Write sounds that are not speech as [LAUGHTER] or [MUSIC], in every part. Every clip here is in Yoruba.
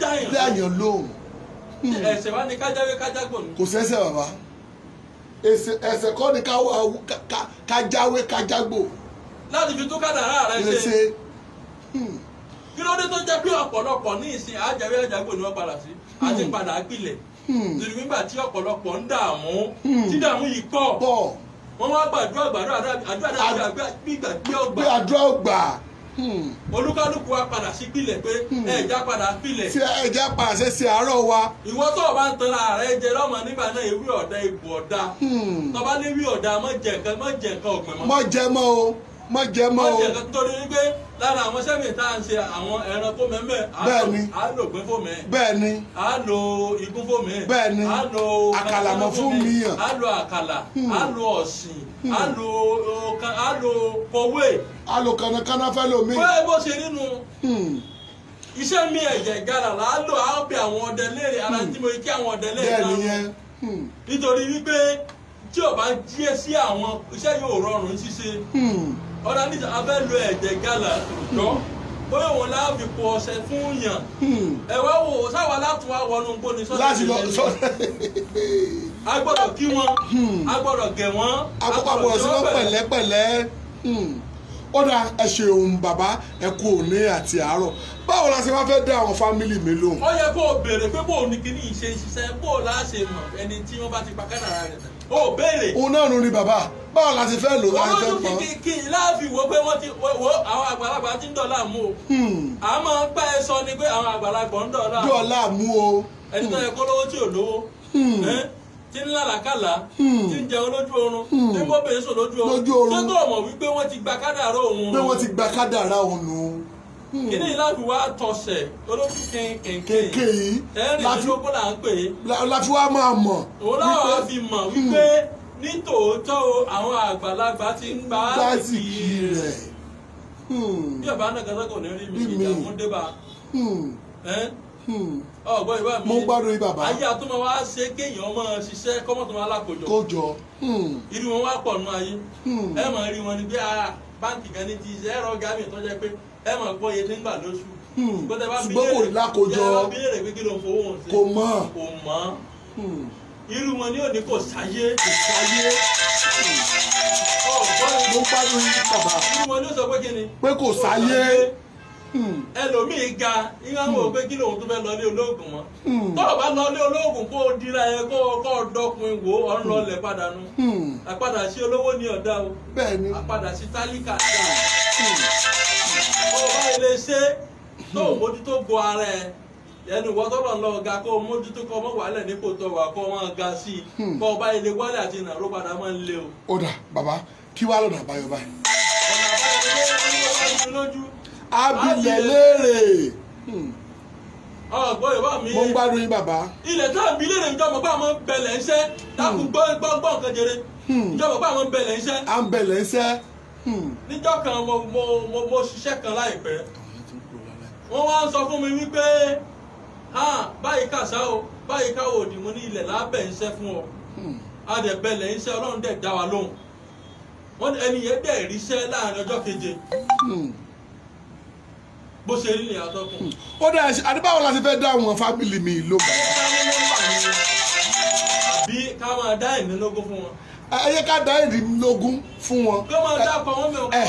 dáyàn lóhùn. Hmm. ẹ̀ṣẹ̀ wá ní kájáwé kájágbọ̀n. kò sẹ́sẹ̀ bàbá ẹ̀ṣẹ̀ kọ́ ni kájáwé kájágbò. láti fi tó kádàrá rẹ ṣe hmm. kí ló dé tó jẹ́ pé ọ̀pọ̀lọpọ̀ ní ìsìn àjẹwé àjàgbò ni wọ́n padà sí àti hmm. padà gbilẹ̀ nígbà tí ọ̀pọ̀lọpọ̀ ń dààmú tí dààmú yìí pọ̀ wọ́n wá gbàdúrà gbàdúrà àdúrà gbígbà gbé ọgbà. Hmm. olúkálùkù wa padà sí pilẹ̀ pé hmm. ẹ̀já padà pilẹ̀. tí ẹ̀já pàṣẹ ṣe àárọ̀ wa. ìwọ tó o bá ń tan ara rẹ jẹ lọ́mọ nígbà náà ewé ọ̀dà egbò ọ̀dà. Hmm. tó bá léwé ọ̀dà mọ́. mọ̀ mọ́ o lára àwọn sẹ́mi tá à ń ṣe àwọn ẹranko mẹ́mẹ́ bẹ́ẹ̀ni a lo ògbẹ́ fún mi bẹ́ẹ̀ni a lo igun fún mi bẹ́ẹ̀ni a lo àkàlàmọ́ fún mi yàn a lo àkàlà hmm. a lo ọ̀sìn hmm. a lo a lo kọ̀wé a lo kànákànná fẹ́ lomi. bẹ́ẹ̀ bó ṣe nínú hmm. iṣẹ́ mi ẹ̀jẹ̀ gara là á lò á bẹ àwọn ọdẹ léèrè ara tí mo kí àwọn ọdẹ léèrè náà nítorí wípé tí o bá jíẹ sí àwọn iṣẹ́ yóò rọrùn ṣíṣe ọ̀rá ní abẹ́ lo ẹ̀jẹ̀ gàlà jọ bóyá òun láà fi po ọ̀sẹ̀ fún yàn hmm. ẹ wá wò ó sáwà látún wá wọnú gbóni sọ́dọ̀ láti lọ sọ́dọ̀ a gbọ́dọ̀ kí wọn hmm. a gbọ́dọ̀ gẹ̀ wọ́n a gbọ́dọ̀ sí wọn pẹ̀lẹ́pẹ̀lẹ́ ọ̀dà hmm. ẹ ṣeun bàbá ẹ kú òní àti àárọ̀ báwo la ṣe wá fẹ́ dá àwọn fámìlì mi lóhùn. ó yẹ kó o béèrè pé bóun ni kíní ìṣe ṣiṣẹ́ bóun láà ṣe mọ̀ ẹni tí wọ́n bá ti pa kádàrá rẹ̀ tán o béèrè. òun náà nu ni bàbá báwo la ti fẹ́ lò láti fẹ́ pọ́n. olójú kìkì kì í láàfi wo pé wọ́n ti wo àwọn àgbàlagbà ti ń dọ̀là mú o. àmọ́ hmm. gbá ẹ sọ ni pé àwọn àgbàlagbà ń dọ̀là. dọ̀là mú o. ẹni tó yẹ kó lówó tí ò lówó hmm. tí ń lálàkàlà hmm. tí ń jẹun lójú oorun tí ń bọ́ bèèso lójú oorun tó tó mọ̀ wípé wọ́n ti gba kádàrá òun. pé wọ́n ti gba kádàrá òun nù. Hmm. kíní yìí láti wá tọ̀sẹ̀ olókùn kéńkéń kéńkéń ẹ̀rìndínlógún là ń pè é. láti wá máa mọ̀. òun fi mọ̀ hmm. wípé nítòótọ́ àwọn àgbàlagbà ti ń gba àsìkí rẹ̀. Hmm. bí ọba náà ní rí mi ìjà fún débà ọgbọ́n ìbá mi mo gbádùn yín bàbá ayé àtúmọ̀ wa ṣe kéèyàn máa ṣiṣẹ́ kọ́mọ̀tò máa lákòjọ kójọ irú wọn wá pọ̀ nù ayé ẹ máa rí wọn ni bí ah, báńkì kan ní ti ṣe ẹ̀rọ gami tó jẹ́ pé ẹ máa gbọ́ iye tí ń gbà lóṣù. Hmm. ṣùgbọ́n kò lákòjọ kò mọ̀ kò mọ̀ hmm. irú wọn ni òní kò sáyé kò sáyé ọ̀gbọ́n ló ń pariwo yìí bàbá irú wọn ni ó sọ pé kí ni pé kò sáyé. Hmm. ẹlòmíì ga ìyá wò hmm. pé kí lóun tó fẹ́ lọ ní olóògùn mọ́ hmm. tó o bá lọ ní olóògùn kó o dira yẹn kó o kó o dọkùnrin wò ó ń lọlẹ̀ padà nu àpadà sí olówó ní ọ̀dà o àpadà sí tálíkà dà o bá ilé ṣe tó o mójútó bo ara ẹ ẹnu ìwọ tọ́lọ̀ ń lọ ga kó o mójútó kọ́ mọ́ ní tọ́ wà kó o máa ga sí i kó o o. ó dà bàbá kí abilẹ̀ léèrè. Hmm. ọ̀gbọ́n yorùbá mi. mo ń gbádùn yín bàbá. ilẹ̀ tá a bi léèrè njọ́ mọ̀ pé àwọn bẹ̀lẹ̀ ń ṣẹ́ dákun hmm. gbọ́ gbọ́ gbọ́ nǹkan jẹrẹ. njọ́ hmm. mọ̀ pé àwọn bẹ̀lẹ̀ ń ṣẹ́. à ń bẹ̀lẹ̀ ń ṣẹ́. níjọ́ kan mo mo mo mo ṣiṣẹ́ kan láìpẹ́. wọ́n wá ń sọ fún mi wípé báyìí kàṣá o báyìí káwọ òdì mo ní ilẹ̀ lábẹ́ ń ṣẹ́ fún ọ. adẹ̀bẹ̀lẹ̀ ń ṣẹ́ ọlọ́run dẹ̀ dá wa lóhùn. wọ́n ẹni yẹn dẹ̀ ríṣẹ́ láàrin ọjọ́ keje bó ṣe rí ìyá tọkùn. ó dà adébáwọ̀ la ti fẹ́ dá àwọn fábìlì mi ló bá. àbí ká máa dá ẹ̀mí lógún fún wọn. ayé ká dá ẹ̀mí lógún fún wọn. kí wọ́n máa dápọ̀ wọn mẹ́wọ̀n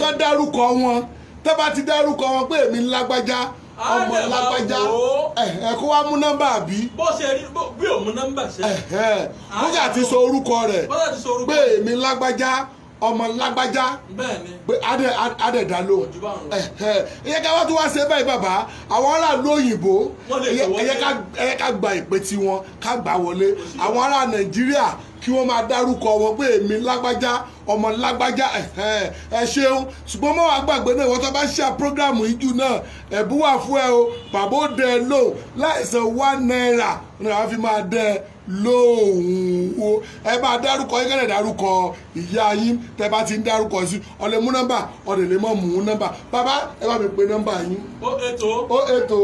kán dárúkọ wọn tẹ́ bá ti dárúkọ wọn pé èmi lágbájá ọmọ lágbájá ẹ kó wá mú nọ́mbà àbí. bó ṣe rí bí òun nọ́mbà ṣe. bó ṣe àti sọ orúkọ rẹ̀ pé èmi lágbájá ọmọ lágbájá pé adẹ̀dá ló ẹ̀yẹ ká wá tó wá ṣe báyìí bàbá àwọn ará lóyìnbó ẹ̀yẹ ká gba ìpè tiwọn ká gbà wọlé àwọn ará nàìjíríà kí wọ́n máa dárúkọ wọn pé èmi lágbájá ọmọ lágbájá ẹ ṣeun ṣùgbọ́n mọ́ wàá gbàgbé náà ìwọ́n tó bá ṣe àpọ́gàmù ìjù náà ẹ̀bùn wà fún ẹ o bàbá ó dẹ lóhùn láìsàn wá náírà ni wàá fi máa dẹ ẹ lóhùn o ẹ máa dárúkọ yín kẹ́lẹ̀ dárúkọ ìyá yín tẹ bá ti ń dárúkọ sí ọ̀lẹ́ mú nọ́mbà ọ̀dẹ̀ lè mọ̀ mú nọ́mbà bàbá ẹ bá mi pe nọ́mbà yín. ó ètò ó ètò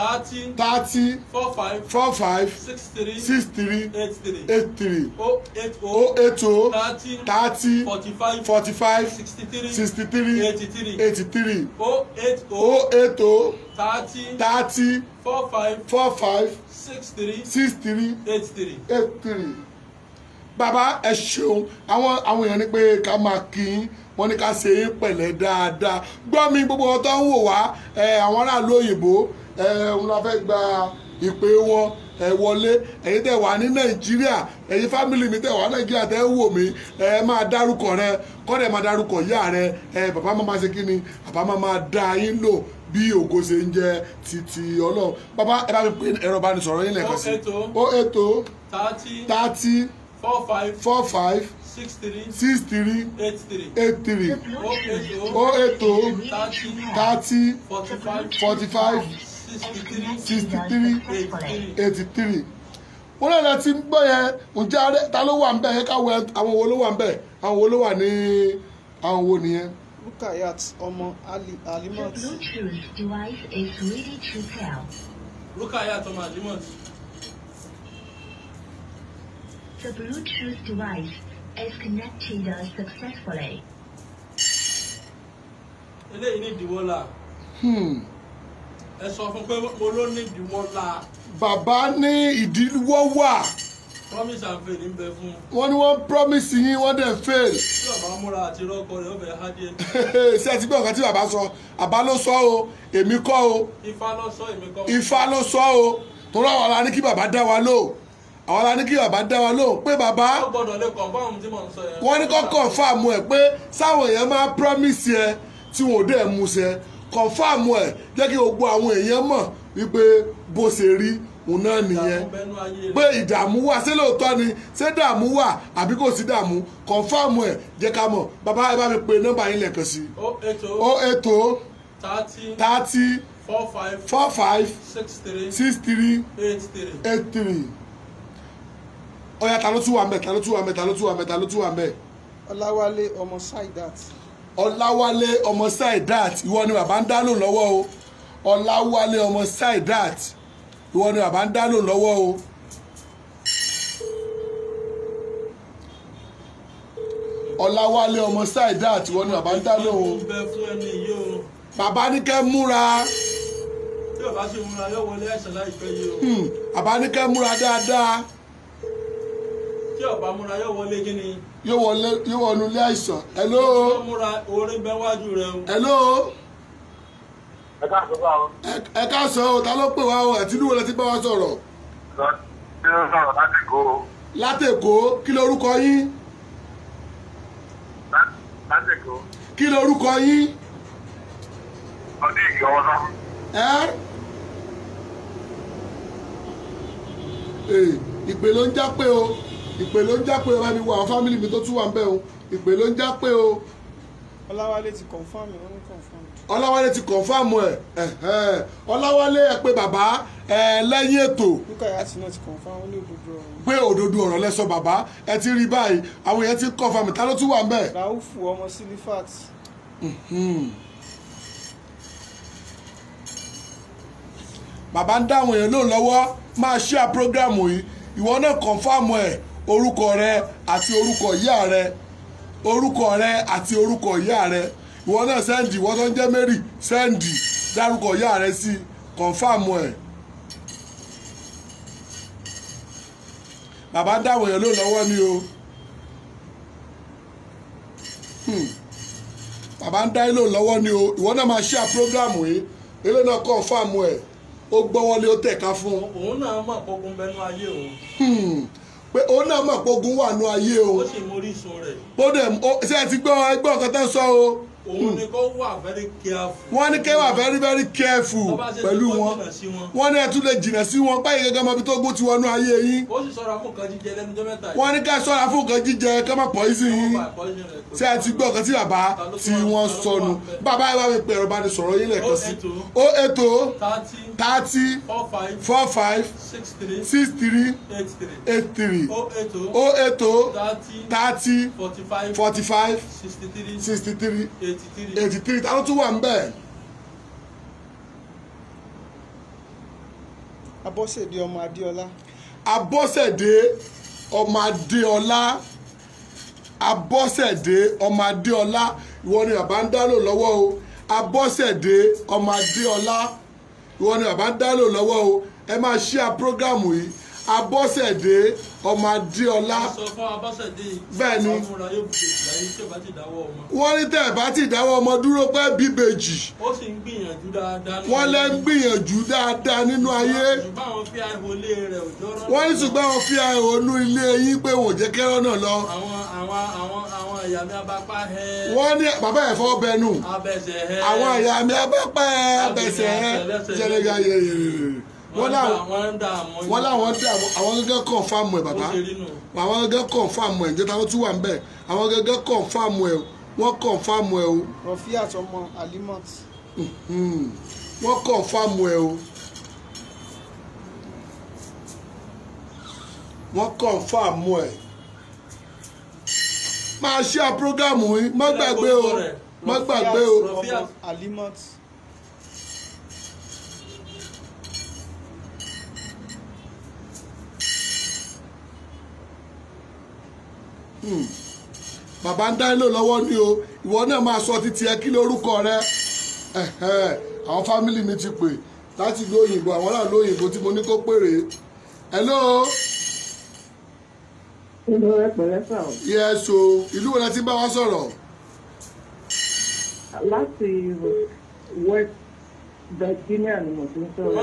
thirty thirty four five four five six three six three eight three eight three oh eight o oh eight oh thirty thirty forty five forty five sixty three sixty three eighty three eighty three oh eight o oh eight o thirty thirty four five four five six three eight three eight three bàbá ẹ ṣeun àwọn àwọn èèyàn ní pé ká máa kí yín wọn ní ká ṣe é pẹ̀lẹ́ dáadáa gbọ́ mi gbogbo wọn tó ń wò wá àwọn aráàlú òyìnbó òun la fẹ́ gba ìpè wọn ẹ wọlé ẹ̀yin tẹ́ wà ní nàìjíríà ẹ̀yin fámìlì mi tẹ́ wà nàìjíríà tẹ́ wò mí ẹ máa dárúkọ rẹ kọ́dẹ̀ máa dárúkọ ìyá rẹ ẹ bàbá máa ṣe kí ni bàbá máa dáa yín lò bí ògo ṣe ń jẹ́ títí ọlọ́run bàbá ẹ bá mi pè ẹ̀rọ ìbánisọ̀rọ̀ yín lẹ́ẹ̀kan sí o ètò oh. oh. thirty four five six three six three eight three o ètò oh. thirty forty five sixty three eighty three wọ́n lẹ́la ti ń gbọ́ yẹn ǹjẹ́ ta ló wà ń bẹ̀ yẹ ká wọ àwọn wo ló wà ń bẹ̀ àwọn wo ló wà ní àwọn wo nìyẹn. Rukayat ọmọ Ali Alimot. The Bluetooth device is ready to pair. Rukayat ọmọ Alimot. The Bluetooth device is connected successfully. Eléyìí ní ìdíwọ́ la. Hmm. Ẹ sọ fún pé mo ló ní ìdíwọ́ la. Bàbá ní ìdíwọ́ wà promise and fail ń bẹ fún. wọ́n ní wọ́n promise yín wọ́n dẹ̀ fail. tí bàbá múra àti rọ́kọ rẹ̀ ó bẹ̀ há díẹ̀. [LAUGHS] ṣé ẹ ti gbọ́ nǹkan tí bàbá sọ àbá ló sọ o èmi kọ́ o. ifá ló sọ èmi kọ́ ifá ló sọ o torí àwọn ará ní kí bàbá dá wa lóò àwọn la ní kí bàbá dá wa lóhùn pé bàbá wọ́n ní kọ́ kọ̀ǹfàmù ẹ̀ pé sáwọn èèyàn máa promise ẹ tí wọn ò dẹ̀ mú ṣẹ kọ̀ǹfàmù ẹ̀ jẹ́ kí gbogbo àwọn èèyàn mọ̀ wípé bó ṣe rí òun náà nìyẹn pé ìdààmú wà ṣé lóòótọ́ ni ṣé dààmú wà àbí kò sí dààmú kọ̀ǹfàmù ẹ̀ jẹ́ ká mọ̀ bàbá ẹ bá mi pe nọ́mbà yín lẹ́ẹ̀kan sí o oh ètò oh, thirty four five six three eight three ọ̀yà ta ló tún wà mẹ́ ta ló tún wà mẹ́ ta ló tún wà mẹ́ ta ló tún wà mẹ́. ọláwálé ọmọ saidat. ọláwálé ọmọ saidat ìwọ ni bàbá ń dá lò lọ́wọ́ o ọláwálé ọmọ saidat ìwọ ni bàbá ń dá lòun lọ́wọ́ o. ọ̀làwálé ọmọ ṣáìdá àti ìwọ ni bàbá ń dá lòun. bàbá ní kẹ́ múra. tí bàbá ṣe múra yóò wọlé ẹ̀sán láìpẹ́ yìí o. bàbá ní kẹ́ múra hmm, dáadáa. tí ọ̀bá múra yóò wọlé kí ni. yóò wọlé yóò wọlé ilé àìsàn. hello. tí ọ̀bá múra orin bẹ́ẹ̀ wájú rẹ o. hello ẹ káàsán o ta ló pè wá o àti inúwo lẹ ti bá wa sọ̀rọ̀. láti èkó kí lorúkọ yín. láti èkó. kí lorúkọ yín. ọdún ìgbà ọlá. ẹ. ìpè ló ń jápé o ìpè ló ń jápé o bá mi wọ àwọn fámìlì mi tó tún wà ń bẹ̀ o ìpè ló ń jápé o. ọláwálé ti kọ̀ǹfàmì o ọláwálé ti kọ̀nfàmù ẹ̀ ọláwálé ẹ pé bàbá ẹ lẹ́yìn ètò. rúkàyà tí náà ti kọ̀nfàmù ní òdodo ọ̀rọ̀. pé òdodo ọ̀rọ̀ lẹ́sọ bàbá ẹ ti rí báyìí àwọn yẹn ti kọ̀nfàmù ta ló tún wà ń bẹ̀. ràúfù ọmọ sílífàt. Hmm. bàbá ń dáhùn yẹn lóun lọ́wọ́ máa share program yìí ìwọ náà kọ̀nfàmù ẹ̀ orúkọ rẹ àti orúkọ ìyá rẹ orúkọ rẹ àti orúkọ ìyá rẹ ìwọ náà sẹ́ndì ìwọ tó ń jẹ́ Mary sẹ́ndì dárúkọ ìyá rẹ sí kọ̀ǹfàmù ẹ̀. bàbá dáwọ̀ yẹn ló lọ́wọ́ ni o hmm. bàbá ń dá ilé lọ́wọ́ ni o ìwọ náà máa ṣe à prógrámù yìí ilé náà kọ̀ǹfàmù ẹ̀ ó gbọ́wọ́lé ó tẹ̀ka fún. òun náà mọ̀ pọ́gun bẹnu ayé o hmm. pé òun náà mọ̀ pé ogun wà nù ayé o. ó sì mórí sun rẹ̀. ó ṣe é ti gbọ́ ẹgbẹ́ ọ̀kan tán sọ o òun ni kó wà very careful. wọ́n ní kẹ́ wà very very careful pẹ̀lú wọn wọ́n ní ẹ tún lè jìnnà sí wọn báyìí gẹ́gẹ́ ọmọ ibi tó gún ti wọnú ayé yín. ó sì sọ̀rọ̀ fún nǹkan jíjẹ lẹ́nu tó mẹ́ta yìí. wọ́n ní ká sọ̀rọ̀ fún nǹkan jíjẹ ká má poison yín ṣé ẹ ti gbọ́ ọ̀kan tí bàbá tí wọ́n sọnù bàbá yìí wà mí pẹ̀rọ bá ní sọ̀rọ̀ yín lẹ́ẹ̀kan sí. o eto thirty four five six three eight three o eto thirty forty five sixty three eighty three táwọn tún wà ń bẹ̀. abọ́sẹ̀dé ọmọ adéọlá. abọ́sẹ̀dé ọmọ adéọlá abọ́sẹ̀dé ọmọ adéọlá ìwọ ni bàbá ń dálò lọ́wọ́ o abọ́sẹ̀dé ọmọ adéọlá ìwọ ni bàbá ń dálò lọ́wọ́ o ẹ máa ṣí a prógámù yìí abọ́sẹ̀dé ọmọ adéọlá bẹ́ẹ̀ ni wọ́n ní tẹ̀ bá ti dáwọ́ ọmọ dúró pé bíbèjì wọ́n lẹ́ ń gbìyànjú dáadáa nínú ayé wọ́n ní ṣùgbọ́n àwọn fi àìhónú ilé yín pé wọ́n jẹ́ kẹ́rọ́ náà lọ. wọ́n ní bàbá ẹ̀fọ́ bẹnu àwọn àyà mi abápá ẹ̀ abẹ́sẹ̀ ẹ̀ jẹ́rẹ́gà yẹ̀yẹ̀ wọ́n láwọn dá àwọn gẹ́gẹ́ kọ̀ǹfàmù ẹ̀ bàbá àwọn gẹ́gẹ́ kọ̀ǹfàmù ẹ̀ jẹ́ta wọ́n tún wà ń bẹ̀ àwọn gẹ́gẹ́ kọ̀ǹfàmù ẹ̀ wọ́n kọ̀ǹfàmù ẹ̀ o. Rọfíàt ọmọ Alimot. Hmm. wọ́n kọ̀ǹfàmù ẹ̀ o. wọ́n kọ̀ǹfàmù ẹ̀. máa ṣe àpúrógámù yìí má gbàgbé o má gbàgbé o. Rọfíàt Alimot. Hmm. bàbá ń dáná lọ́wọ́ ni o ìwọ náà máa sọ títí ẹ kí lórúkọ rẹ àwọn fámìlì mi ti pè láti ìlú òyìnbó àwọn aráàlú òyìnbó tí mo ní kó pèrè hello. ìlú rẹ pẹ̀lẹ́ sà o. yes o ìlú rẹ ti bá wa sọ̀rọ̀. láti west virginia ni mo ti ń sọ̀rọ̀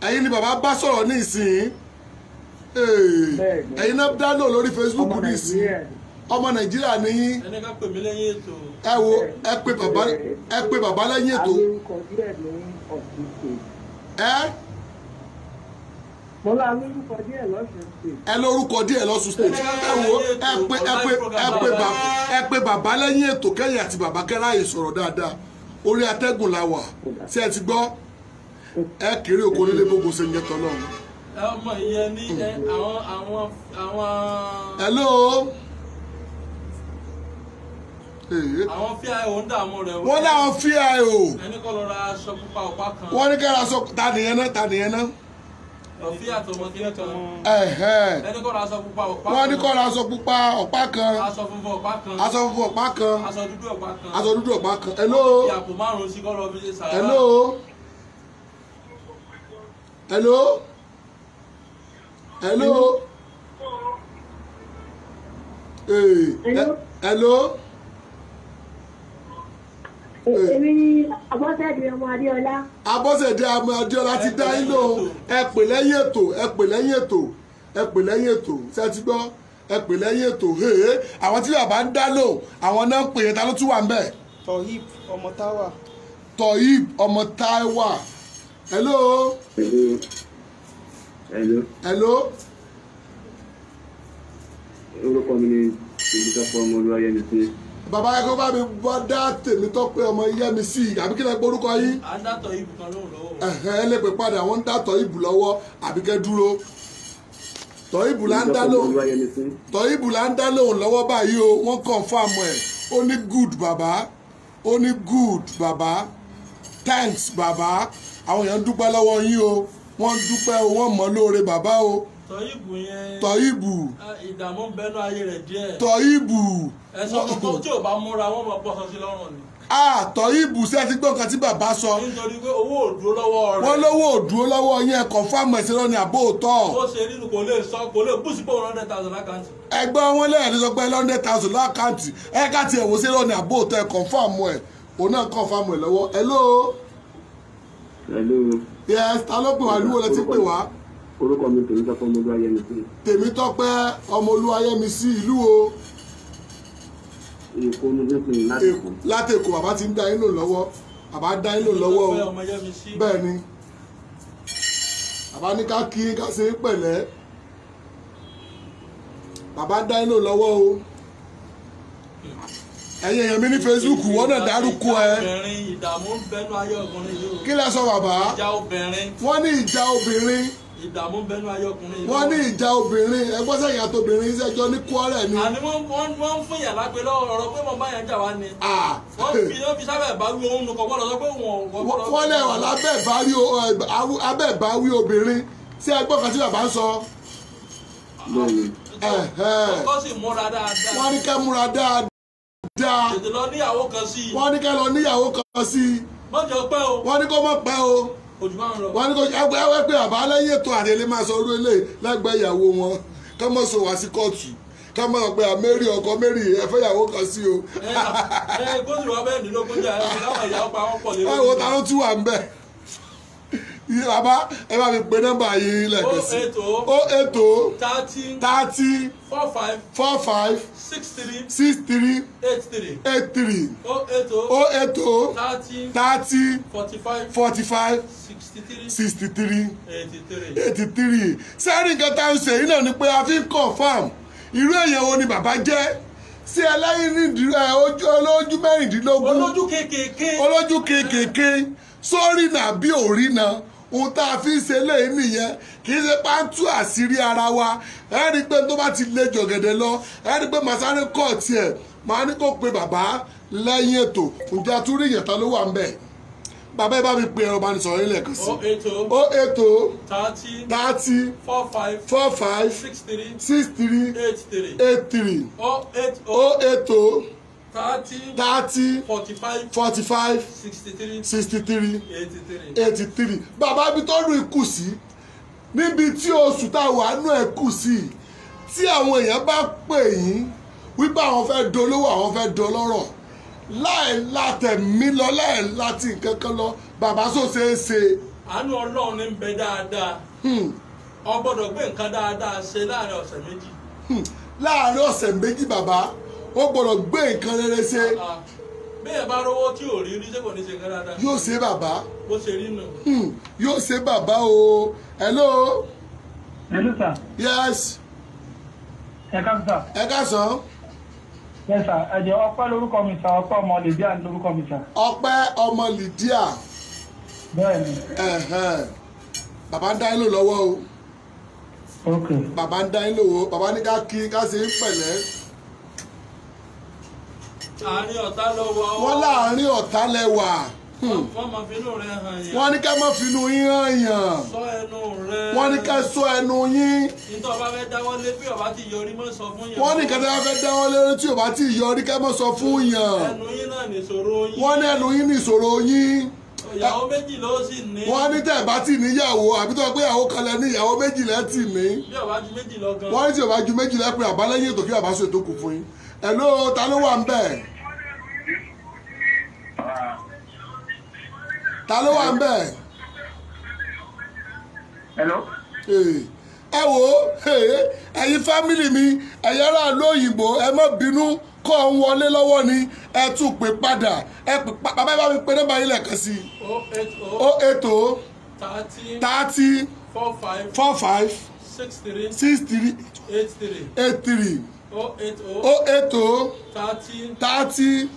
èmi ni bàbá bá sọ̀rọ̀ ní ìsìn ẹ̀yin náà dá lò lórí Facebook ní ìsìn ọmọ nàìjíríà ní yín ẹ wo ẹ pè bàbá ẹ pè bàbá lẹ́yìn ètò ẹ. mo la lórúkọ díẹ̀ lọ́sùn state. ẹ lórúkọ díẹ̀ lọ́sùn state ẹ wo ẹ pè ẹ pè ẹ pè bàbá ẹ pè bàbá lẹ́yìn ètò kẹ́yìn àti bàbá kẹ́ráyè sọ̀rọ̀ dáadáa orí atẹ́gùn la wà ṣé ẹ ti gbọ́ ẹ kéré òkú onílé gbogbo ṣe ń jẹ́ tọ́lọ́run ọmọ ìyẹn ní àwọn àwọn àwọn. hello. àwọn fíàìó ń dààmú rẹ. wọ́n láwọn fíàìó. ẹni kọ́ lọ ra aṣọ pupa ọ̀pá kan. wọ́n ní kí ara sọ ta nìyẹn náà ta nìyẹn náà rọ̀fíà tọmọ kíní kan. kan. wọ́n aṣọ pupa ọ̀pá kan. aṣọ funfun ọ̀pá kan. aṣọ funfun ọ̀pá kan. aṣọ dúdú ọ̀pá kan. aṣọ dúdú ọ̀pá kan. hello. wọ́n fi márùn-ún sí kọ́ra ọ́fíìsì sàrà. hello. hello hello. Hey. hello. Hello. èmi ni abọ́sẹ̀dé ọmọ adéọlá. abọ́sẹ̀dé ọmọ adéọlá ti dá yín lóhùn ẹ pè lẹ́yìn ètò ẹ pè lẹ́yìn ètò ẹ pè lẹ́yìn ètò ṣé ti gbọ́ ẹ pè lẹ́yìn ètò hee àwọn tí bàbá ń dá lóhùn àwọn náà ń pè é ta ló tún wà ń bẹ̀. tohib ọmọ táwa. tohib ọmọ táwa. hello. hello. Hello. Hello. Orúkọ mi ni Tèmítọ́pẹ́ ọmọ Olúwayẹmisí. Bàbá ẹ̀kọ́ bá mi bá dá Tèmítọ́pẹ́ ọmọ Yẹmisí àbí kí lẹ gbọ́ orúkọ yín. À ń dàtọ̀ ìbù kan lọ́wọ́. Ẹ̀hẹ́ ẹ lè pè padà wọ́n ń dàtọ̀ ìbù lọ́wọ́ àbí kẹ́ dúró. Tọ́ìbù là ń dá lóhùn Tọ́ìbù là ń dá lóhùn lọ́wọ́ báyìí o wọ́n confam ẹ̀ ó ní good bàbá ó ní good bàbá thanks bàbá àwọn èèyàn dúpẹ́ lọ́wọ́ yín o wọ́n dúpẹ́ o wọ́n mọ̀ lóore bàbá o tọ́yìbù yẹn tọ́yìbù ìdààmú bẹnu ayé rẹ̀ díẹ̀ tọ́yìbù ẹ̀sọ́ tó tí ò bá múra wọ́n máa bọ́ sọ sí lọ́rùn ni àtọ̀yìnbù sí ẹtí gbọ́n tí bàbá sọ. nítorí pé owó ò dúró lọ́wọ́ rẹ̀. wọ́n lówó ò dúró lọ́wọ́ yẹn ẹ̀kọ́ fáàmù ẹ̀sìn lọ́ni àbó òótọ́. ó ṣe nínú kò lè sọ kò lè bùsù pé one hundred thousand lákàntì. ẹgbẹ́ wọn lẹ́yìn one hundred thousand lákàntì ẹ̀ka tiẹ̀ wò sí hello yes ta ló pè wá lúwo lẹ ti pè wá. orúkọ mi tèmítọ́pẹ́ ọmọlúwa yẹmísí. tèmítọ́pẹ́ ọmọlúwa yẹmísí ìlú o. èkó ni wọ́n pè láti èkó. láti èkó bàbá ti ń dá yín lò lọ́wọ́ bàbá dá yín lọ́wọ́ o bẹ́ẹ̀ ni bàbá ní ká kí ká ṣe pẹ̀lẹ́ bàbá dá yín lọ́wọ́ o ẹ̀yin èèyàn mi ní Facebook wọ́n náà dárúkọ ẹ. kí lẹ sọ bàbá. ìjà ní ìjà obìnrin. ìdààmú bẹnu ayé ọkùnrin yìí ní ìjà obìnrin ẹgbọ́n sẹ́yìn àtobìnrin sẹ́jọ́ ní kúọ́rẹ́ ni. àní wọ́n ń fún yàrá pé lọ́wọ́ ọ̀rọ̀ pé mo bá yẹn jà wá ni. wọ́n fi sábẹ̀ báwí òun nù kọ́kọ́ sọ pé wọ́n. wọ́n lẹ̀ lábẹ́ báwí obìnrin sí ẹgbọ́n kan tí bàbá ń sọ wọ́n ní ká múra dáadáa dáa. i. wọ́n ní ká lọ níyàwó kan sí i. má pẹ́ o. wọ́n ní kó má pẹ́ o. wọ́n ní kó ẹgbẹ́ pé àbá lẹ́yìn ètò àrèlé máa sọ orí ilé lẹ́gbẹ̀ẹ́ ìyàwó wọn ká mọ̀ sọ wá sí kóòtù ká mọ̀ pé àmẹ́rì ọkọ mẹ́rì ẹ̀fẹ́yàwó kan sí o. ẹ ẹ kó sì wá bẹ́ẹ̀ nílò kó jà ẹ bàbá ẹ bá mi pe nọ́mbà yìí lẹ́ẹ̀kan oh, sí o oh. ètò oh, thirty four five four five six three six three eight three eight three o ètò o ètò thirty thirty forty five forty five sixty three eighty three sẹ́rí nǹkan tá à ń ṣe yìí náà ni pé a fi ń confam irú èèyàn wo ni bàbá jẹ́ sí ẹlẹ́yìn olójú mẹ́rìndínlógún olójú kékèké olójú kékèké sórí nà bí òrí nà ohun tá a fi ń ṣe léyìn nìyẹn kì í ṣe pàǹtù àṣírí ara wa ẹ rí i pé tó bá ti le jọ̀gẹ̀dẹ̀ lọ ẹ rí i pé màsáré kọ̀ tiẹ̀ màá ní kó pe bàbá lẹ́yìn ètò ǹjẹ́ àtúrí ìyẹ̀tà ló wà ń bẹ̀ bàbá ẹ bá mi pe ẹ̀rọ ìbánisọ̀rọ̀ ilẹ̀ kan sí. o eto thirty thirty four five four five six three six three eight three eight three o eto thirty forty-five forty-five sixty-three eighty-three eighty-three bàbá ibi tó lù ikú sí níbi tí oṣù táwọn àánú ẹ̀ kù sí tí àwọn èèyàn bá pè yín wípé àwọn fẹ́ dolówó àwọn fẹ́ dolọ́rọ̀ láì látẹ̀mí lọ láì láti nǹkan kan lọ bàbá sọ ṣeé ṣe. àánú ọlọ́run ní bẹ dáadáa o hmm. gbọ́dọ̀ gbé nǹkan dáadáa ṣe láàrin ọ̀sẹ̀ méjì. Hmm. láàrin ọ̀sẹ̀ méjì bàbá ó gbọ́dọ̀ gbé nǹkan rere ṣe. bẹ́ẹ̀ bá rówó tí ò rí rí sẹ́kọ̀ọ́ ní ṣe kan dáadáa. yóò ṣe bàbá. bó ṣe rí nù. Hmm, yóò ṣe bàbá o hello. hello sir. yes. ẹ ká sọ. ẹ ká sọ. yes sir ẹ jẹ́ ọpẹ́ lórúkọ mi sà ọpẹ́ ọmọ lydia lórúkọ mi sà. ọpẹ́ ọmọ lydia. bẹ́ẹ̀ni. bàbá ń dá ilé lọ́wọ́ o. ok. bàbá ń dá ilé lọ́wọ́ bàbá ní ká kí ká ṣe ń pẹ̀lẹ́ àárín ọ̀tá ló wà ó. wọ́n láàárín ọ̀tá lẹ́wà. Hmm. wọ́n ní ká má finú yín hàn yàn. sọ ẹnu rẹ. wọ́n ní ká sọ ẹnu yín. nítorí ọba fẹ́ dáwọ́ lé bí ọba wọ́n ní kàtà fẹ́ dáwọ́ lé tí ọba ti yọrí ká má sọ fún yàn. wọ́n ní ẹnu yín nìṣòro yín ìyàwó méjì ló sì ní. wọ́n ní tẹ̀ bá ti níyàwó àbí tó pé ìyàwó kan lẹ ní ìyàwó méjì lẹ ti ní. bí ó ju méjì lọ gan. wọ́n ní tí ó ju méjì lẹ pé àbálẹ́yìn ètò kí àbá ṣètò kù fún yín hello ta ló wà ń bẹ̀ ta ló wà ń Hey ẹ wò ó ẹ̀yin fámìlì mi ẹ̀yin aráàlú òyìnbó ẹ má bínú kọ́ ń wọlé lọ́wọ́ ni ẹ tún pè padà ẹ pè bàbá bá mi pè nọ́mbà yín lẹ́ẹ̀kan sí i. o oh eto oh. oh thirty four five six three eight three. Oh, oh, oh eight oh thirty thirty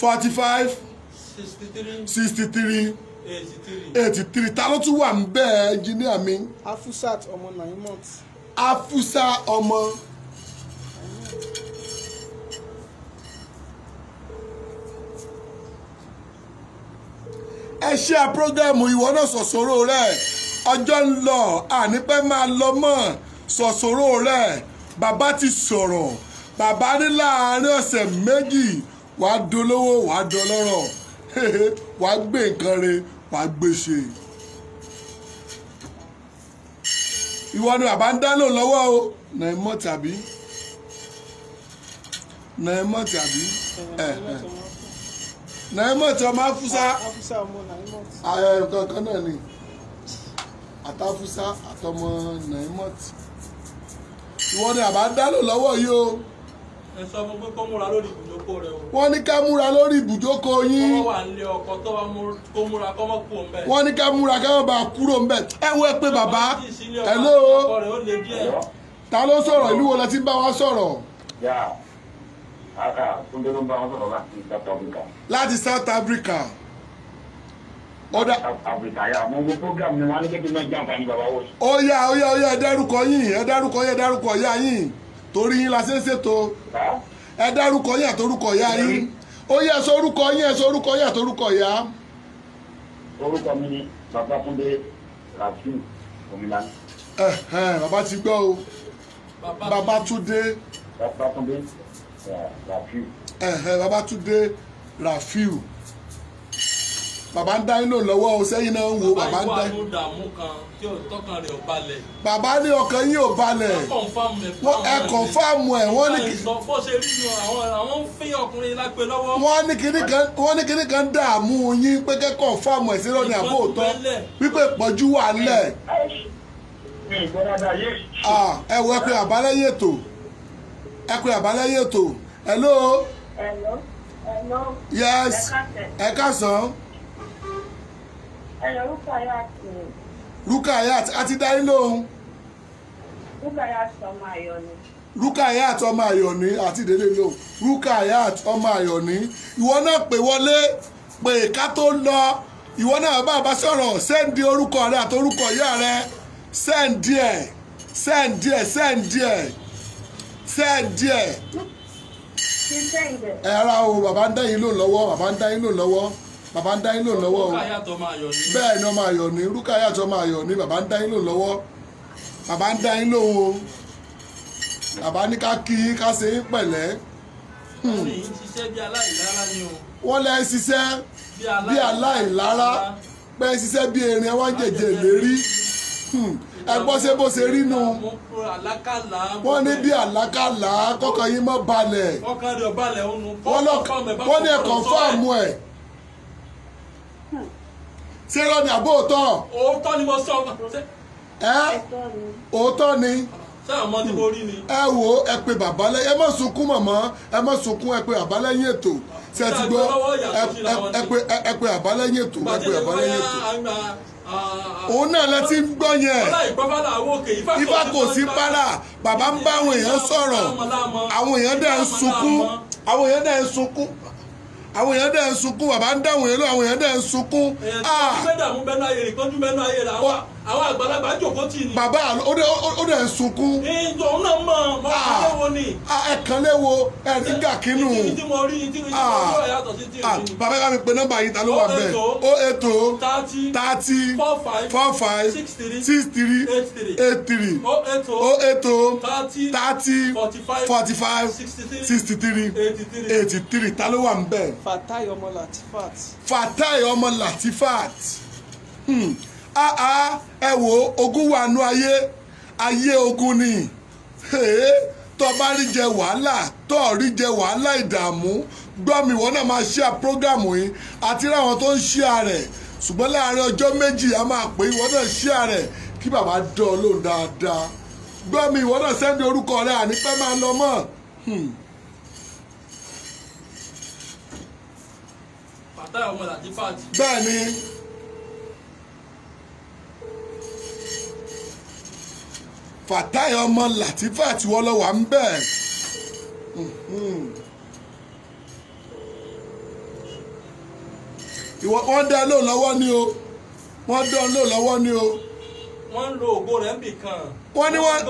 forty five sixty three sixty three eighty three ta ló tún wà ń bẹ́ẹ̀ engineer mi. afusat ọmọ naimot. afusa ọmọ. ẹ ṣe àpọ́gẹ́mù ìwọ náà sọ̀sọ̀rọ̀ rẹ̀ ọjọ́ ń lọ ànípẹ́ máa lọ mọ́ sọ̀sọ̀rọ̀ rẹ̀ bàbá ti sọ̀rọ̀ bàbá ní láàárín ọ̀sẹ̀ méjì wàá dolówó wàá dọlọ́rọ̀ wàá gbé nǹkan re wàá gbé ṣe. ìwọ ni bàbá ń dánlò lọ́wọ́ o nàìmọ́ tàbí nàìmọ́ tàbí nàìmọ́ tí ọmọ afúsá kankan náà ni àtàfúsá àtọmọ nàìmọ́ tì ìwọ ni àbá ń lọ́wọ́ yìí o. ẹ sọ fún pé kó múra lórí ibùdókò rẹ o. wọ́n ní ká múra lórí ibùdókò yín. ọwọ́ wà nílé ọkọ tó bá kó múra kọ́ mọ́ kúrò ńbẹ̀. wọ́n ní ká múra ká má bàa kúrò ńbẹ̀. ẹ wọ ẹ pé bàbá ẹ ta ló sọ̀rọ̀ ìlú wo la ti ń bá wọn sọ̀rọ̀. láti South Africa ọ̀dà. àbùsàyà mo mú program ni wọn á ní kékeré náà jàǹfà ní bàbá wọ̀nyí. ó yá ó yá ó yá ẹ dárúkọ yín ẹ dárúkọ yín ẹ dárúkọ ìyá yín torí yín la ṣe ń ṣètò ẹ dárúkọ yín àtorúkọ ìyá yín ó yá ẹsọ orúkọ yín ẹsọ orúkọ yín àtorúkọ ìyá. orúkọ mi ni Babátúndé Rafiu Omilani. ẹ ẹ bàbá ti gbọ́ o Babátúndé. Babátúndé Rafiu. ẹ ẹ Babátúndé Rafiu bàbá ń dá yín lò lọ́wọ́ o sẹ́yìn náà ń wo bàbá ń dá yín. bàbá ìwà àmúdàmú kan tí ọ̀tọ́kan rẹ̀ ò balẹ̀. bàbá ní ọkàn yín ò balẹ̀. ẹ kọ̀nfàmù ẹ̀ wọ́n ní. bó ṣe rí yan àwọn ń fi ọkùnrin lápè lọ́wọ́. wọ́n ní kinní kan dààmú yín pé kẹ́ kọ̀nfàmù ẹ̀ sílẹ̀ ní àbóòtọ́ wípé pọ̀jú wà lẹ̀. ẹ wọ ẹ pé àbálẹ́yẹ̀ tó ẹ pé àbálẹ́yẹ̀ tó hello. hello. hello. yes ẹ ká sàn. Ruka Rukayat ni. Rukayat a ti darí lóhun. Rukayat ọmọ Ayọ̀ ni. Rukayat ọmọ Ayọ̀ ni àti ìdílé lóhun Rukayat ọmọ Ayọ̀ ni ìwọ náà pè wọlé pé ká tó lọ ìwọ náà bá bá sọ̀rọ̀ sẹ́ǹdì orúkọ rẹ àti orúkọ ìyá rẹ sẹ́ǹdì ẹ̀ sẹ́ǹdì ẹ̀ sẹ́ǹdì ẹ̀ sẹ́ǹdì ẹ̀. ẹ ara o bàbá ń dá yín lò lọ́wọ́ bàbá ń dá yín lò lọ́wọ́ bàbá ń dá yín lò lọ́wọ́ o bẹ́ẹ̀ ni ọmọ ayọ̀ ni rúkàyà tó ọmọ ayọ̀ ni bàbá ń dá yín lò lọ́wọ́ bàbá ń dá yín lò o bàbá ní ká kí yín ká ṣe yín pẹ̀lẹ́. wọ́n lẹ́ ṣiṣẹ́ bí aláìlára pé ṣiṣẹ́ bí erin ẹ̀ wá ń jẹ̀jẹ̀ lérí hmm. ẹ gbọ́ ṣe bó ṣe rí nu wọ́n ní bí àlákàlà kọ́kọ́ yín mọ́ balẹ̀ wọ́n ní ẹ̀ kọ́ńfàmù ẹ̀ ṣé irọ́ ni àbó òótọ́. òótọ́ ni mo sọ ẹ òótọ́ ni ẹ wo ẹ pe bàbá lẹ́yìn ẹ má sunkún mọ̀mọ́ ẹ má sunkún ẹ pe bàbá lẹ́yìn ètò ṣe ti gbọ́ ẹ pe ẹ pe bàbá lẹ́yìn ètò ẹ pe bàbá lẹ́yìn ètò òun náà lẹ ti ń gbọ́ yẹn ifá kò sí para bàbá ń bá àwọn èèyàn sọ̀rọ̀ àwọn èèyàn dẹ̀ ń sunkún àwọn èèyàn dẹ̀ ń sunkún àwọn èèyàn dẹ̀ ń sunkún bàbá ń dáhùn èèyàn lọ àwọn èèyàn dẹ̀ ń sunkún. èèyàn tí wọ́n ti dààmú bẹ́ẹ̀ náà yèrè kọ́jú bẹ́ẹ̀ náà yèrè àwa àwọn àgbàlagbà jòkó tì ní. bàbá ó dẹ̀ ń sunkún. ìjọ náà mọ̀ mọ́ ah, àkànléwo ni. Ah, ẹ̀kànléwo ẹ̀rí gà kínú. ìdí tí mo rí ìdí tí mo ah, rí yàtọ̀ sí tí o rí. bàbá yà mí pé nọ́mbà yìí ta ló wà bẹ́ẹ̀. o ètò oh, oh, thirty four five six three eight three. o oh, ètò thirty forty five sixty three eighty three ta ló wà ń bẹ́ẹ̀. Fatai ọmọ Latifat. Fatai ọmọ Latifat. Hmm àá ah, ah, ẹ wò ó ogun wà nú ayé ayé ogun ni tó bá rí jẹ wàhálà tó rí jẹ wàhálà ìdààmú gbọ́ mi wọ́n náà máa ṣíà prógrámù yìí àti ráwọn tó ń ṣíà rẹ̀ ṣùgbọ́n láàárín ọjọ́ méjì a máa pè wọ́n náà ṣíà rẹ̀ kí bàbá dán ọ lóhùn dáadáa gbọ́ mi náà sẹ́ndì orúkọ rẹ ànípẹ́ máa lọ mọ́. Hmm. bàtà ọmọ làdí fàájì. bẹ́ẹ̀ ni. Fatai ọmọ Latifat wọ́n lọ wà ń bẹ̀. ìwọ wọ́n dá lò lọ́wọ́ ni o wọ́n dá lò lọ́wọ́ ni o. wọ́n ń lo ògo rẹ̀ ń bì kan. wọ́n ní wọ́n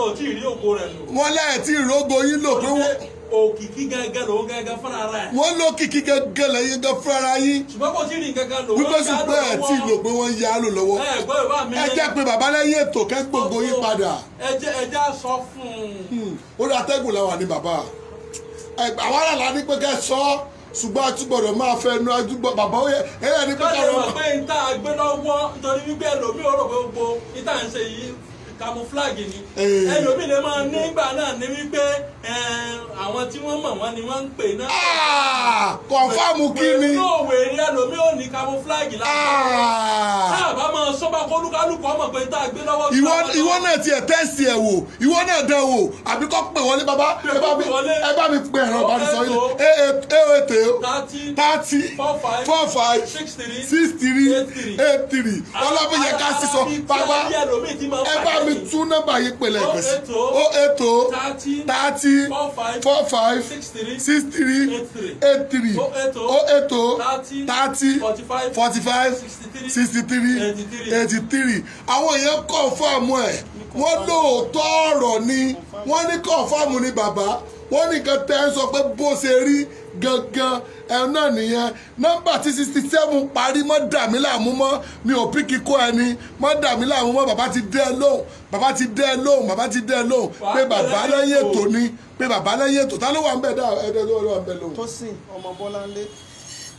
wọ́n láì tí ì rógo yín lò pé wọ́n òkìkí gẹ́gẹ́ lòun gẹ́gẹ́ fúnra rẹ̀. wọ́n ló kìkí gẹ́gẹ́ lẹ́yìn gẹ́gẹ́ fúnra yín. ṣùgbọ́n kò tí ì rìn gẹ́gẹ́ lò wọ́n yá lò lọ́wọ́. wípé sì pé ẹ̀ tí ì lò pé wọ́n yá lò lọ́wọ́. ẹ jẹ́ pé bàbá lẹ́yìn ètò kẹ́gbòǹgbò yín padà. ẹ jẹ́ ẹ jẹ́ sọ fún un. Hmm. ó dá tẹ́gùn làwà ní bàbá. àwa rà lá ní pé kẹ́ sọ ṣùgbọ́n àtúgbọ̀dọ̀ máa fẹ́ nu àdúgbò bàbá ó yẹ ẹ̀yà ní pé ká lọ́wọ́. ká lè mọ̀ pé ìta àgbélọ́wọ́ nítorí wípé ẹlòmíì ó rò pé gbogbo ìta ń ṣe yìí camouflage ni ẹlòmíì lè máa nígbà náà ní wípé àwọn tí wọ́n mọ̀ wọ́n ni wọ́n ń pè náà. kọ̀ǹfàmù ah! kí ni. pẹ̀lú òwe rí ẹlòmíì ò ní camouflage lára. Ah! sọ́ba kó olúkálùkù ọmọ pé tá a gbé lọ́wọ́. ìwọ ìwọ náà tiẹ̀ tẹ́sì ẹ̀ wò ìwọ náà dán wò àbí kọ́ pè wọlé bàbá ẹ bá mi pè ẹ̀rọ bá mi sọ yìí ee ètè o thirty four five six three eight three ọlọ́bí yẹ ká sísọ bàbá ẹ bá mi tún nọ́mbà yìí pèlè ẹ̀gbẹ̀sì o ètò thirty four five six three eight three o ètò thirty forty five sixty three ninety three àwọn èèyàn kọ̀ǹfàmù ẹ̀ wọ́n lóòótọ́ ọ̀rọ̀ ni wọ́n ní kọ̀ǹfàmù ni bàbá wọ́n nìkan tẹ́ ń sọ pé bó ṣe rí gangan ẹ̀rọ náà nìyẹn nọ́mbà tí sixty seven parí mọ́ dàmí làmú mọ́ mi ò pí kíkó ẹni mọ́ dàmí làmú mọ́ bàbá ti dẹ́ lóhùn bàbá ti dẹ́ lóhùn bàbá ti dẹ́ lóhùn pé bàbá lẹ́yìn ètò ni pé bàbá lẹ́yìn ètò ta ló wà ń bẹ̀ dá ẹ̀ẹ́dẹ́ ló wà ń bẹ̀ lóhùn. Tósìn ọmọ Bọ́láńlé.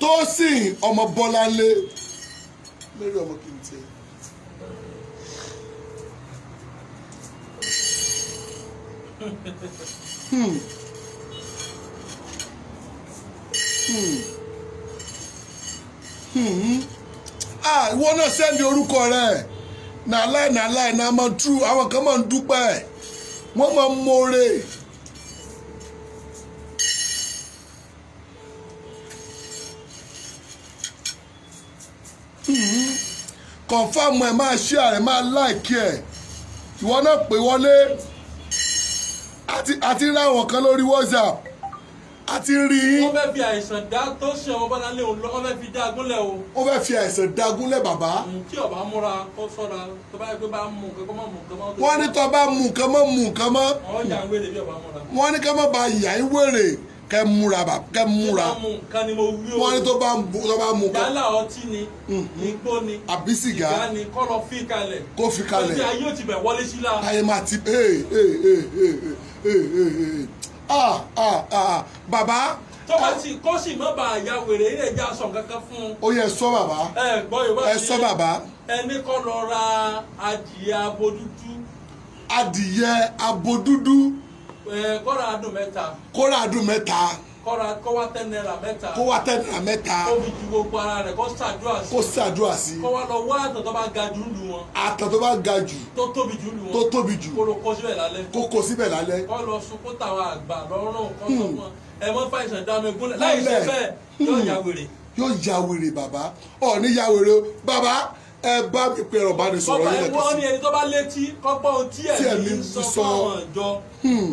Tósìn ọmọ Bọ́láńlé. mary ọmọ kìí Hmm. Ah, ìwọ náà sẹ́ndì orúkọ rẹ̀ nàláì na náà máa tú àwọn kan máa ń dúpẹ́ wọ́n máa ń mọ̀ọ́rẹ́. kọ̀ǹfàmù ẹ̀ máa share ẹ̀ máa like ẹ̀ ìwọ náà pè wọlé àti rí àwọn kan lórí WhatsApp àti rí wọ́n fẹ́ fi àìsàn dá tó ṣe ọmọ bọ́láńlé òun lọ wọ́n fẹ́ fi dágúnlẹ̀ o. wọ́n fẹ́ fi àìsàn dágúnlẹ̀ bàbá. tí ọba múra kó ṣọ́ra tó bá yẹ bá mú nǹkan kó mú nǹkan mọ́. wọ́n ní tó bá mú nǹkan mọ́ mú nǹkan mọ́. wọ́n ní ká má ba ìyá ń wèrè kẹ múra bà kẹ múra wọn ní tó bá ń bu tó bá ń mu. yálà ọtí ni hmm. igbó ni àbí sìgá ni kó lọ fi kalẹ̀ kó fi kalẹ̀ ọjọ́ ayé ò ti bẹ̀ wọlé sí la. ayé máa ti ee ee ee ee ee ah ah ah bàbá tọ́ba sì kó sì mọ́ bá ya wèrè ilé ìjà sàn kankan fún un. ó yẹ sọ bàbá. ẹ gbọ́ ìwé ẹ sọ bàbá. ẹni kọ́ lọ ra adìyẹ abodúdú. adìyẹ abodúdú. Eh, kọ́ra adùn mẹ́ta. kọ́ra adùn mẹ́ta. kọ́ra kó wá tẹ́ náírà mẹ́ta. kó wá tẹ́ náírà mẹ́ta. kó fi ju gbogbo ara rẹ̀ kó ṣàdúrà sí. kó ṣàdúrà sí. kó wá lọ wá àtàn tó bá ga jù lù wọn. àtàn tó bá ga jù. tó tóbi jù lù wọn. tó tóbi jù. kó lọ kó síbẹ̀ lálẹ́. kó kó síbẹ̀ lálẹ́. kó lọ sunkún tàwọn àgbà lọ́rùn kó sọ hmm. fún ẹ mọ́ fàìsàn dá mi gúnlẹ̀ láì ṣe bẹ́ẹ̀ yóò hmm. ẹ bá mi pe ẹ̀rọ bá mi sọ̀rọ̀ yìí lẹ́tọ̀ọ́ sí. ọba ẹ̀wọ́n ni ẹni tó bá létí kọ́gbọ́n tí ẹ̀mí ń sọ fún àwọn ìjọ. Hmm.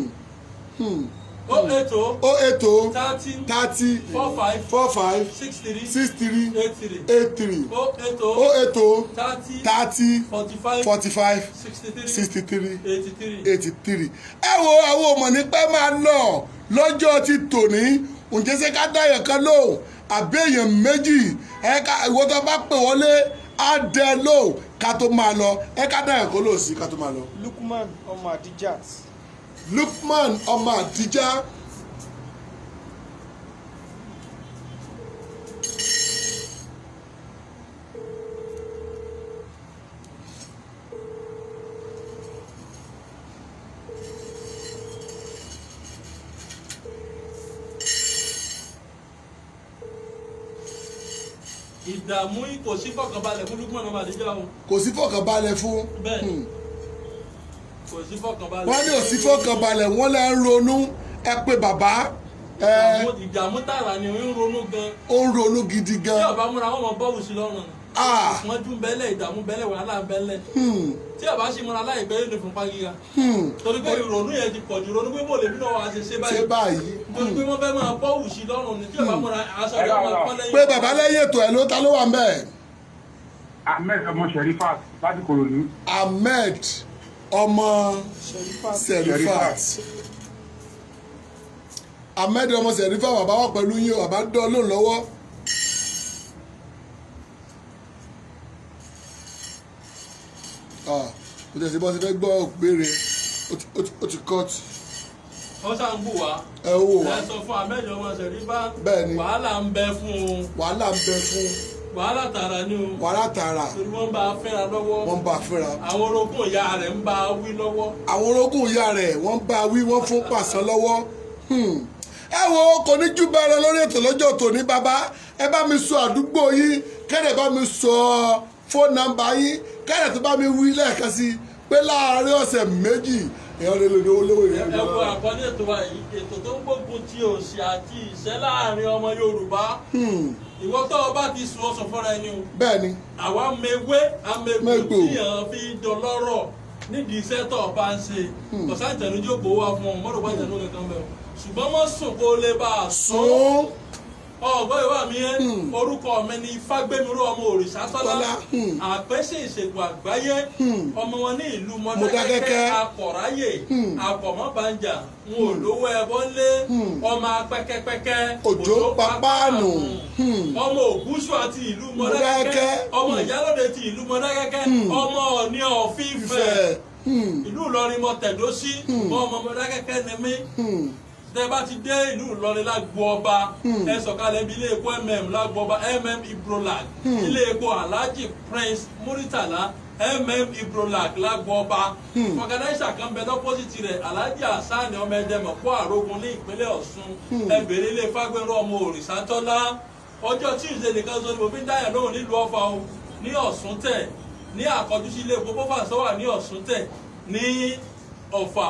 Hmm. o oh eight o oh. o oh eight o thirty thirty four five four five six three six three eight three eight three o eight o o eight o thirty thirty forty five forty five sixty three sixty three eighty three eighty three. ẹ wo àwọn ọmọ nípa máa lọ lọ́jọ́ ti tòní ǹjẹ́ ṣé ká dáyọ̀ kan lóhùn àbí èèyàn méjì ẹ̀ka ìwọ́n tó bá pè wọlé á dẹ lóhùn ká tó máa lọ ẹ̀ka dáyọ̀ kan lóhùn sí ká tó máa lọ. Lukman ọmọ Adijat. Lukman ọmọ àtijá ìdààmú kò sí fọkànbalẹ̀ fún Lukman ọmọ àtijá o. kò sí fọkànbalẹ̀ fún. bẹ́ẹ̀ wọ́n ní òsì fọkànbalẹ̀ wọ́n lẹ́ ń ronú ẹ pé bàbá. ìdààmú tààrà ni ń ronú gan. ó ń ronú gidi gan. tí ọba múra wọn mọ bọ́ọ̀lù sí lọ́rùn wọ́n dún bẹ́lẹ̀ ìdààmú bẹ́lẹ̀ wàhálà bẹ́lẹ̀ hmm. tí ọba ṣì múra láìpẹ́ yóò ní fúnpá gíga hmm. torí pé ìrònú yẹn ti pọ̀ jù ìrònú pé mo lè bí náà wàá ṣe ṣe báyìí torí pé hmm. wọ́n fẹ́ máa bọ́ọ̀lù sí lọ́rùn ni tí ọba múra aṣọ ìyá wọn pọ́n lẹ́yìn. pé bàbá lẹ́yìn Ahmed ọmọ Serifat Ahmed ọmọ Serifat bàbá wà pẹ̀lú yín bàbá dán lóun lọ́wọ́. kò ah, tẹ̀sí bọ́ fẹ́ gbọ́ òpèrè ó ti kọ́ọ̀tì wọ́n ṣáà ń wá. ẹ wò wá. ẹ sọ fún Ahmed ọmọ Serifat. wàhálà ń bẹ fún un. wàhálà ń bẹ fún un wàhálà tààrà ni o. wàhálà tààrà. torí wọ́n bá a fẹ́ra lọ́wọ́. wọ́n bá a fẹ́ra. àwọn orogún ìyá rẹ̀ ń bá a wí lọ́wọ́. àwọn orogún ìyá rẹ̀ wọ́n bá a wí wọ́n fún Pàṣán lọ́wọ́. Hmm. ẹ wo kò ní jù bẹ́ẹ̀ lọ lórí ètò lọ́jọ́ tòní bàbá ẹ bá mi sọ àdúgbò yín kẹ́rẹ̀ bá mi sọ fóònù nàmbà yín kẹ́rẹ̀ tó bá mi wí lẹ́ẹ̀kan sí pé láàárín ọ̀sẹ̀ méjì èèyàn lè lòdì olówó ìrìn àjò náà. ẹ wo àkọlé ètò wa yìí ètò tó ń gbógun ti òṣì àti ìṣẹ́ láàárín ọmọ Yorùbá hmm ìwọ tó o bá ti sùn ọsàn fúnra ẹni o. bẹ́ẹ̀ni. àwa mewé amegbo tí à ń fi dọlọ́rọ̀ nídìí iṣẹ́ tó o bá ń ṣe hmm. kọ̀sáìtàn lójú òpó wa fún ọ mọ́tò bá ìtàn lókè kan bẹ́ẹ̀ ṣùgbọ́n mọ́ sùn kó lè bá a sùn. sùn ọ̀gbọ́n ìwà mi yẹn hmm. orúkọ mi ni ifágbémiró ọmọ òrìṣàsọ́lá hmm. àpẹ́sẹ̀ ìṣègùn àgbáyé hmm. ọmọ wọn ní ìlú mọ́dákẹ́kẹ́ akọ̀ráyè akọ̀mọ́bànjà n ò ẹbọ lé ọmọ apẹkẹpẹkẹ òjò pápánù ọmọ ògúnṣù àti ìlú mọ́dákẹ́kẹ́ ọmọ ìyálóde ti ìlú mọ́dákẹ́kẹ́ ọmọ ọ̀ní ọ̀fífẹ́ ìlú ìlọrin mọ̀tẹ̀dọ́sí ọmọ mọ́dákẹ́kẹ́ ni mí tẹ́ bá ti dé ìlú Ìlọrin lágbo ọba hmm. ẹ sọ̀kalẹ̀ ibi ilé epo mm lágbo ọba mm ibrolac hmm. ilé alhaji prince muritala mm ibrolac lágbo ọba hmm. fọgàdáìsà kan bẹ lọ́pọ́sìtì rẹ̀ alhaji hasan ọmọ ẹ̀dẹ̀mọ̀ kó àrógun ní ìpínlẹ̀ Ọ̀ṣun ẹ bèrè ilé fagbẹ́rọ ọmọ òrìṣàtọ́lá ọjọ́ tíìzẹ̀ nìkan sọ ni mo fi ń dáyà lóhùn nílùú Ọ̀fà o ní Ọ̀ṣun tẹ̀ ní àkọjúsí ilé epo pópà ní Ọ̀ṣun tẹ̀ ní Ọ̀fà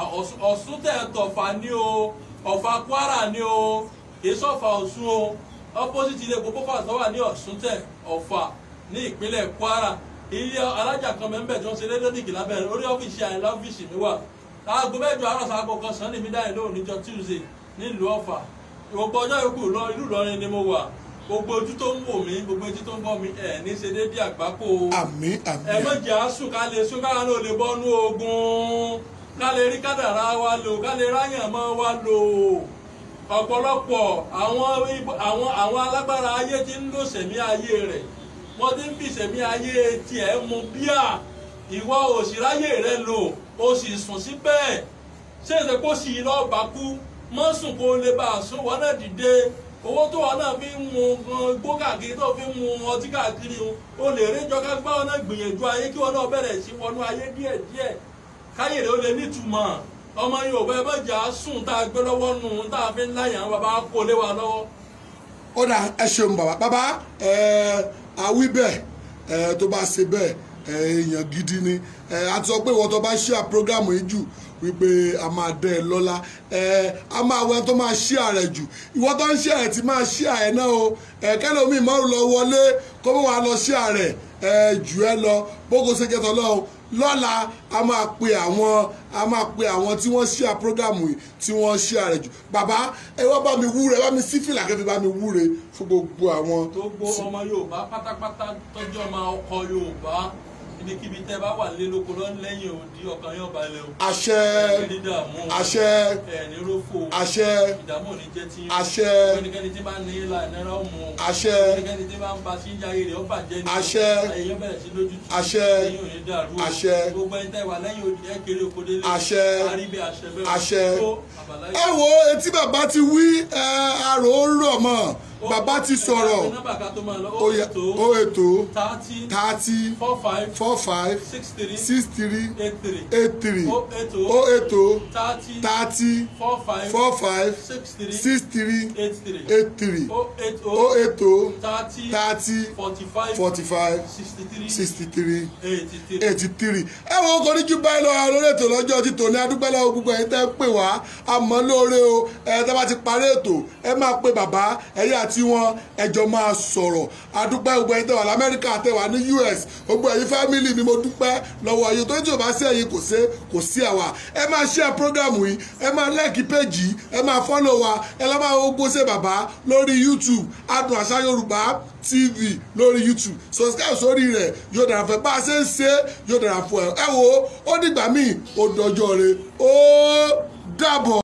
Ọ̀ṣun tẹ̀ tọ̀fà ní o. ọ̀fà kwara ni o èso ọ̀fà ọ̀ṣun o opposite ilé gbogbo fà tó wà ní ọ̀ṣun tẹ̀ ọ̀fà ní kwara ilé alájà kan mẹ́mbẹ̀ tó ń ṣe rédíòdìkì lábẹ́rẹ́ orí ọ́fíìsì àìlá ọ́fíìsì mi wà aago mẹ́jọ àárọ̀ sago kan sàn ní nílùú ọ̀fà gbogbo ọjọ́ ìlú ìlọrin ni mo wà gbogbo ojú tó ń wò ká lè rí kádàrá wa lò ká lè ráyàn mọ́ wa lò ọ̀pọ̀lọpọ̀ àwọn àwọn alágbára ayé ti ń lò sẹ̀mí ayé rẹ̀ wọ́n ti ń fi sẹ̀mí ayé tiẹ̀ mu bíà ìwọ òṣìráyè rẹ lò o sì sùn síbẹ̀ ṣé èsè kó sì lọ́ọ́ bá kú mọ́ sùn kó lè bá a sún wọn náà dìde owó tó wọn náà fi ń mu gbó káàkiri tó fi ń mu ọtí káàkiri o lè rí ìjọ ká gbá ọ náà gbìyànjú ayé kí wọn náà bẹ̀rẹ̀ sí wọnú ayé díẹ̀díẹ̀ káyè rẹ̀ ó lè nítumọ̀ ọmọ Yorùbá ẹ bá jà á sùn tá a gbé lọ́wọ́ nù tá a fi ń láyàn bàbá kó lé wa lọ́wọ́. ó dà ẹ ṣeun bàbá bàbá ẹ àwí bẹ́ẹ̀ ẹ tó bá ṣe bẹ́ẹ̀ ẹ èèyàn gidi ni ẹ a ti sọ pé ìwọ tó bá ṣíà prógrámù yìí jù wípé a máa dẹ ẹ lọ́lá ẹ a máa wẹ tó máa ṣíà rẹ jù ìwọ tó ń ṣíà ẹ ti máa ṣíà ẹ náà o ẹ kẹlẹ́ omi ìmọ̀rún lọ wọlé kó bó wàá lọ ṣíà rẹ ẹ ẹ lọ bó kó ṣe jẹ tọ́lọ́ lọ́la a máa pe àwọn a máa pe àwọn tí wọ́n ṣíà prógámù yìí tí wọ́n ṣíà rẹ̀ jù bàbá ẹ wá bá mi wúre bá mi sí fìlà kẹfì bá mi wúre fún gbogbo àwọn. gbogbo ọmọ Yorùbá pátápátá tọjọ́ ọmọ ọkọ Yorùbá ibikíbi tẹ́ bá wà lé lóko lọ lẹ́yìn òdi ọkàn yóò balẹ̀ o. àṣẹ àṣẹ ẹni rófò àṣẹ ìdààmú òní jẹ́ tí àṣẹ ẹnikẹ́ni tí bá ní ìlà náírà ó mú àṣẹ ẹnikẹ́ni tí bá ń ba síjà èrè ó bàjẹ́ ní àṣẹ ẹ̀yìn bẹ̀rẹ̀ sí lójú tu àṣẹ ẹ̀yìn òní dàrú àṣẹ gbogbo ẹni tẹ́ wà lẹ́yìn òdi ẹ kéré oko délé àṣẹ àríbẹ̀ àṣẹ bẹ́ẹ̀ àṣẹ ẹ wo etí bàbá ti wí ẹ àrò ó rọ̀ mọ́ bàbá ti sọ̀rọ̀ o ètò thirty four five six three eight three o ètò thirty four five six three eight three o ètò thirty forty five sixty three eighty three ẹ wọ́n kọ́ ní jù báyìí lọ́wọ́ lórí ètò lọ́jọ́ ti tòní adúpẹ́ lọ́wọ́ gbogbo ẹ̀yin tẹ́ pè wá àmọ́ lóore o ẹ̀ tẹ́ bá ti parí ètò ẹ máa pe bàbá ẹ̀yà àti àti wọn ẹjọ́ máa sọ̀rọ̀ àdúpẹ́ gbogbo ẹ̀yin tẹ̀wà lamẹ́ríkà tẹ̀wà ní US gbogbo ẹ̀yin fámìlì mi mo dúpẹ́ lọ́wọ́ ẹ̀yin tó ń jòbá sí ẹ̀yin kò sí kò sí àwa ẹ máa share program yìí ẹ máa like page yìí ẹ máa follow wa ẹ lọ́ máa gbó ṣe bàbá lórí YouTube Adùn Àṣà Yorùbá TV lórí YouTube subscribe sórí rẹ̀ yóò dára fẹ́ bá a ṣe ń ṣe yóò dára fún ẹ ẹ wo ó dìgbà míì ó dọjọ́ rẹ̀ ó dàbọ̀.